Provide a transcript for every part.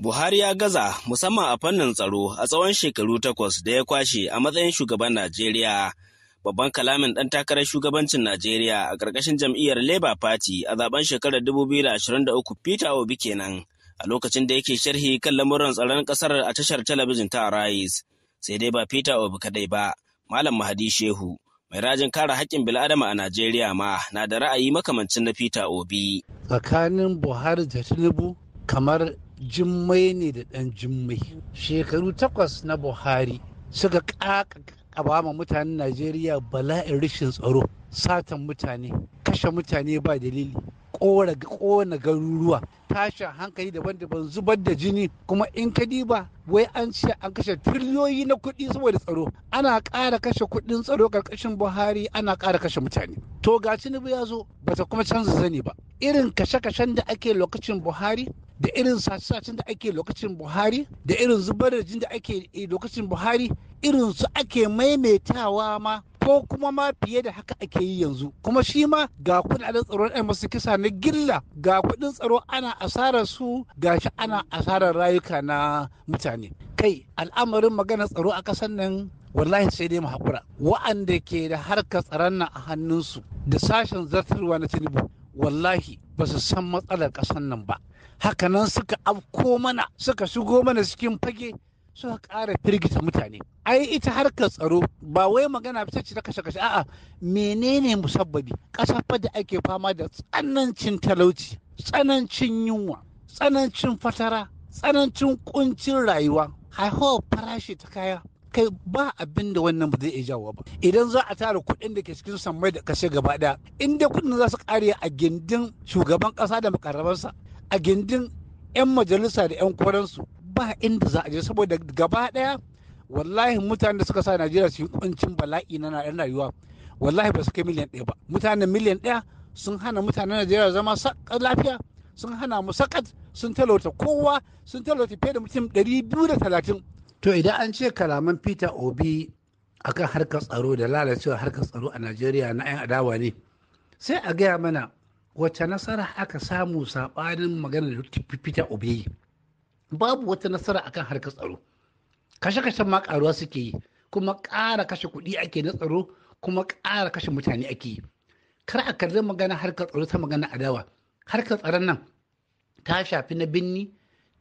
Buhari ya gaza musamman a fannin tsaro a tsawon shekaru takwas da ya kwashe a matsayin shugaban Najeriya. Babban kalamin ɗan takarar shugabancin Najeriya a ƙarƙashin jam'iyyar Labour Party a zaben shekarar da 2023 Peter Obi kenan a lokacin da yake sharhi kan lamuran tsaron ƙasar a tashar talabijin ta Arise. Sai dai ba Peter Obi kadai ba, Malam Mahadi Shehu, mai rajin kare haƙƙin bil'adama a Najeriya ma na da ra'ayi makamancin na Peter Obi. Tsakanin Buhari da Tinubu kamar jimmai ne da ɗan jimmai shekaru takwas na buhari suka ƙaƙaba ma mutanen najeriya bala'in rashin tsaro satan mutane kashe mutane ba dalili ƙona garuruwa tashin hankali daban-daban zubar da jini kuma in ka diba wai an ce an kashe tiriyoyi na kuɗi saboda tsaro ana ƙara kashe kuɗin tsaro ƙarƙashin buhari ana kara kashe mutane to ga tinubu ya zo bata kuma canza zani ba irin kashe-kashen da ake lokacin buhari da irin sace-sacen da ake lokacin buhari da irin zubar da jin da ake lokacin buhari irin su ake maimaitawa ma ko kuma ma fiye da haka ake yi yanzu kuma shi ma ga kudaden tsaro ɗan masu kisa na gilla ga kudin tsaro ana asarar su ga shi ana asarar rayuka na mutane kai al'amarin magana tsaro a ƙasar nan wallahi sai dai mu haƙura wa'anda ke da harkar tsaron nan a hannunsu da sashen zartarwa na tinubu wallahi ba su san matsalar ƙasar nan ba hakanan suka afko mana suka shigo mana cikin fage suka ƙara firgita mutane ai ita harkar tsaro ba wai magana fita ce ta kashe kashe a'a menene musabbabi ƙasar fa da ake fama da tsanancin talauci tsanancin yunwa tsanancin fatara tsanancin ƙuncin rayuwa haihuwar farashi ta kaya kai ba abin da wannan ba zai iya jawo ba idan za a tara kuɗin da ke cikin samai da kashe gaba ɗaya in kuɗin za su ƙare a gindin shugaban ƙasa da makarabansa a gindin 'yan majalisa da 'yan koransu ba inda za a je saboda gaba ɗaya wallahi mutanen da suka sa najeriya su yi kuncin bala'i na rayuwa wallahi ba su kai miliyan ɗaya ba mutanen miliyan ɗaya sun hana mutanen najeriya zama lafiya sun hana mu sakat sun talauta kowa sun talauta fiye da mutum ɗari biyu da talatin. to idan an ce kalaman peter obi a kan harkar tsaro da lalacewa harkar tsaro a najeriya na 'yan adawa ne sai a gaya mana wata nasara aka samu saɓanin magana maganar peter obi babu wata nasara akan harkar tsaro kashe kashe ma karuwa suke yi kuma ƙara kashe kuɗi ake na tsaro kuma ƙara kashe mutane ake yi kar a kalli magana harkar tsaro ta magana adawa harkar tsaron nan ta shafi na binni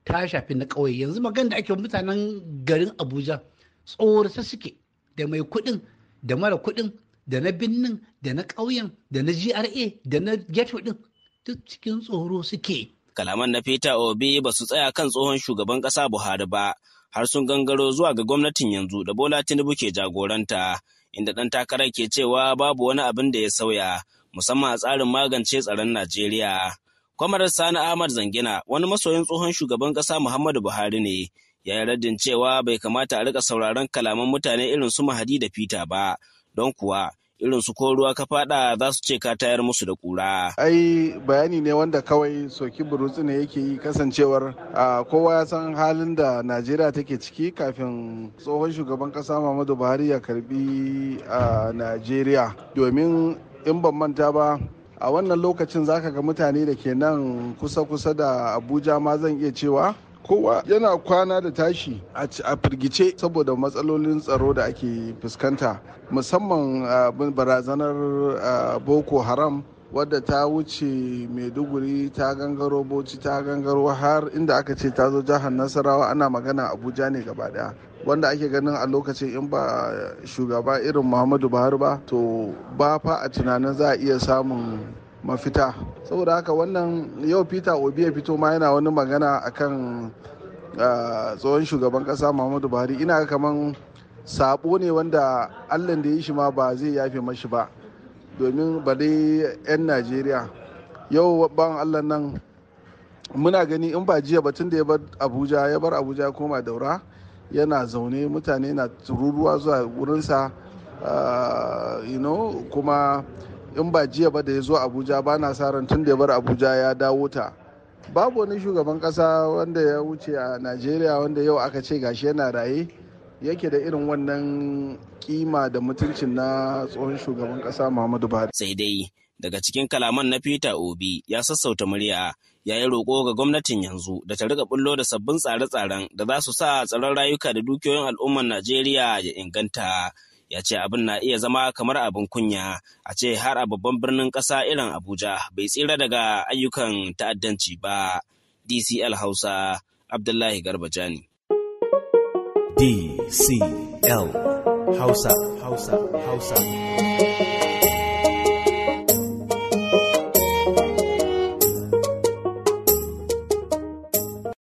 ta shafi na ƙauye yanzu magana da ake mutanen garin abuja tsorata suke da mai kuɗin da mara kuɗin da na binnin da na ƙauyen da na gra da na ghetto ɗin duk cikin tsoro suke kalaman na peter obi ba su tsaya kan tsohon shugaban ƙasa buhari ba har sun gangaro zuwa ga gwamnatin yanzu da bola tinubu ke jagoranta inda ɗan takarar ke cewa babu wani abin da ya sauya musamman a tsarin magance tsaron najeriya Kwamarar Sani Ahmad Zangina wani masoyin tsohon shugaban ƙasa Muhammadu Buhari ne ya yi raddin cewa bai kamata a rika sauraron kalaman mutane irin su Mahadi da Fita ba don kuwa irin su ko ruwa ka fada za su ce ka tayar musu da kura. Ai bayani ne wanda kawai soki burutsu ne yake yi kasancewar kowa ya san halin da Najeriya take ciki kafin tsohon shugaban ƙasa Muhammadu Buhari ya karbi a Najeriya domin in ban manta ba a wannan lokacin zaka ga mutane da ke nan kusa-kusa da abuja ma zan iya cewa kowa yana kwana da tashi a firgice saboda matsalolin tsaro da ake fuskanta musamman ah, barazanar ah, boko haram wadda ta wuce maiduguri ta gangaro bauchi ta gangaro har inda aka ce ta zo jihar nasarawa ana magana abuja ne gaba daya wanda ake ganin a lokacin in ba shugaba irin muhammadu buhari ba to ba fa a tunanin za a iya samun mafita saboda haka wannan yau peter obi ya fito ma yana wani magana akan ah, tsohon shugaban kasa muhammadu buhari ina kamar sabo ne wanda allah da ya shi ma ba zai yafe mashi ba domin ba dai 'yan najeriya yau ban allah nan muna gani in ba jiya batun da ya bar abuja ya bar abuja ya koma daura yana zaune mutane na tururuwa zuwa wurinsa ah, you kuma in ba jiya ba da ya zo abuja ba na sa ran tun da ya bar abuja ya dawo ta babu wani shugaban kasa wanda ya wuce a najeriya wanda yau aka ce gashi yana raye yake da irin wannan kima da mutuncin na tsohon shugaban kasa muhammadu buhari sai dai daga cikin kalaman na peter obi ya sassauta murya ya yi roƙo ga gwamnatin yanzu da ta rika bullo da sabbin tsare-tsaren da za su sa tsaron rayuka da dukiyoyin al'ummar Najeriya ya inganta. Ya ce abin na iya zama kamar abin kunya a ce har a babban birnin ƙasa irin Abuja bai tsira daga ayyukan ta'addanci ba. DCL Hausa Abdullahi Garba Jani. DCL Hausa Hausa Hausa.